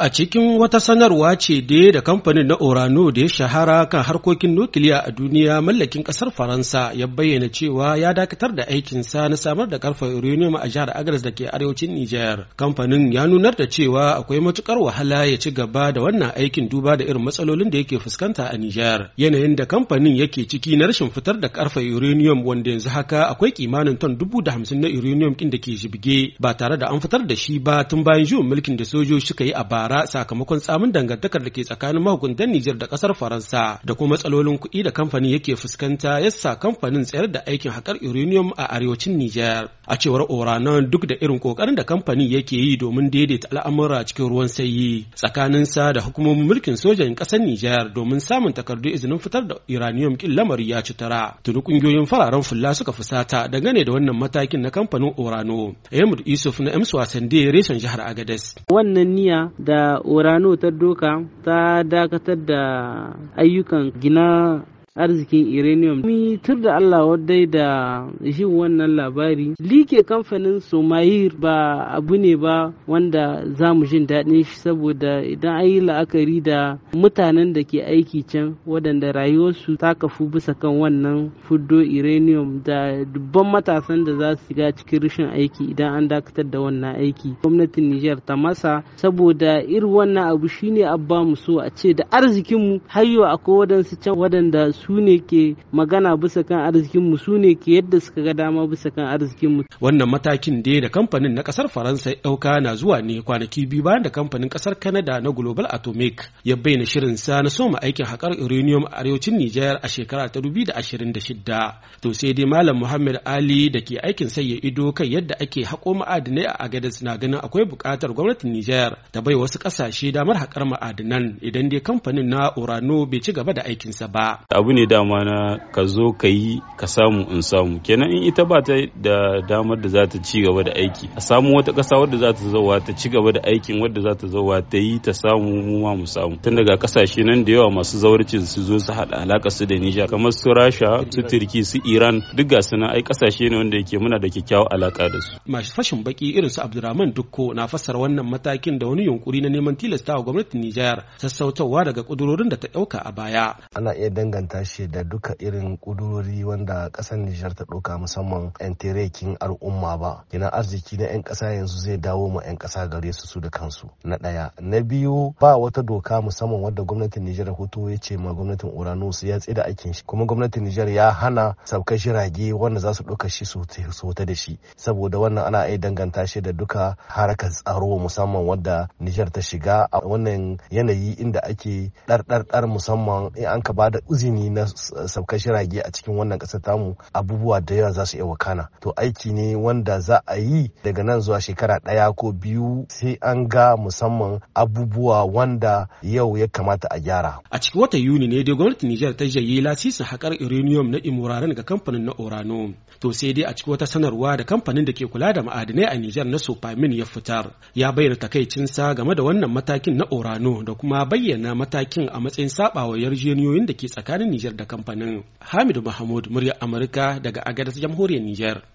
A cikin wata sanarwa ce dai da kamfanin na Orano da ya shahara kan harkokin nukiliya a duniya mallakin kasar Faransa ya bayyana cewa ya dakatar da aikinsa na samar da karfe uranium a jihar Agres da ke arewacin Nijar. Kamfanin ya nunar da cewa akwai matukar wahala ya ci gaba da wannan aikin duba da irin matsalolin da yake fuskanta a Nijar. Yanayin da kamfanin yake ciki na rashin fitar da karfe uranium wanda yanzu haka akwai kimanin ton dubu da hamsin na uranium kin da ke jibge ba tare da an fitar da shi ba tun bayan juyin mulkin da sojoji suka yi a bara. bara sakamakon tsamin dangantakar da ke tsakanin mahukuntan Nijar da kasar Faransa da kuma matsalolin kuɗi da kamfanin yake fuskanta yasa kamfanin tsayar da aikin haƙar uranium a arewacin Nijar. A cewar Oranon duk da irin ƙoƙarin da kamfanin yake yi domin daidaita al'amura cikin ruwan sanyi tsakaninsa da hukumomin mulkin sojan ƙasar Nijar domin samun takardu izinin fitar da uranium kin lamari ya ci tara. Tuni ƙungiyoyin fararen fulla suka fusata dangane da wannan matakin na kamfanin Orano. Ahmed Yusuf na Emsu Wasande reshen jihar Agadez. Wannan niyya da da urano ta doka ta dakatar da ayyukan gina arzikin uranium mi tur da Allah wadai da jin wannan labari like kamfanin somayir ba abu ne ba wanda za mu jin daɗin shi saboda idan an yi la'akari da mutanen da ke aiki can waɗanda rayuwarsu ta kafu bisa kan wannan fuddo uranium da dubban matasan da za su shiga cikin rashin aiki idan an dakatar da wannan aiki gwamnatin Nijar ta masa saboda irin wannan abu shine abba mu so a ce da arzikinmu har yau akwai waɗansu can waɗanda su su ne ke magana bisa kan mu su ne ke yadda suka ga dama bisa kan arzikin mu Wannan matakin da da kamfanin na kasar Faransa ɗauka na zuwa ne kwanaki biyu bayan da kamfanin kasar Kanada na Global Atomic ya bayyana shirin sa na soma aikin hakar uranium a arewacin Nijar a shekara ta shidda To sai dai Malam Muhammad Ali da ke aikin ya ido kan yadda ake haƙo ma'adinai a Agadez na ganin akwai buƙatar gwamnatin Nijar ta bai wasu ƙasashe damar haƙar ma'adinan idan dai kamfanin na Urano bai ci gaba da aikinsa ba. Abu ne dama na ka zo ka yi ka samu in samu kenan in ita ba ta da damar da za ta ci gaba da aiki a samu wata ƙasa wadda za ta zauwa ta ci gaba da aikin wadda za ta zauwa ta yi ta samu mu ma mu samu tun daga ƙasashe nan da yawa masu zawarcin su zo su haɗa alaƙa su da Nijar kamar su Rasha su Turki su Iran duk ga suna ai ƙasashe ne wanda yake muna da kyakkyawar alaƙa da su masu fashin baki irin su Abdulrahman Dukko na fassara wannan matakin da wani yunkuri na neman tilastawa gwamnatin Nijar sassautawa daga kudurorin da ta ɗauka a baya ana iya danganta kashe da duka irin kudurori wanda kasar Nijar ta ɗauka musamman 'yan terekin al'umma ba. Gina arziki na 'yan kasa yanzu zai dawo ma 'yan kasa gare su su da kansu. Na ɗaya. Na biyu ba wata doka musamman wadda gwamnatin Nijar hoto ya ce ma gwamnatin Uranus ya tsida aikin shi. Kuma gwamnatin Nijar ya hana sauka jirage wanda za su ɗauka shi su wuta da shi. Saboda wannan ana iya danganta shi da duka harakar tsaro musamman wadda Nijar ta shiga a wannan yanayi inda ake ɗarɗarɗar musamman in an ka ba da uzini na saukar shirage a cikin wannan ƙasar tamu abubuwa da yawa za su iya wakana to aiki ne wanda za a yi daga nan zuwa shekara ɗaya ko biyu sai an ga musamman abubuwa wanda yau ya kamata a gyara a cikin watan yuni ne dai gwamnatin nijar ta jayi lasisin haƙar uranium na imuraren ga kamfanin na orano to sai dai a cikin wata sanarwa da kamfanin da ke kula da ma'adinai a nijar na sofamin ya fitar ya bayyana takaicinsa game da wannan matakin na orano da kuma bayyana matakin a matsayin saɓawa yarjeniyoyin da ke tsakanin Nijar da kamfanin Hamidu Mahmud murya Amurka daga Agadez jamhuriyar Nijar.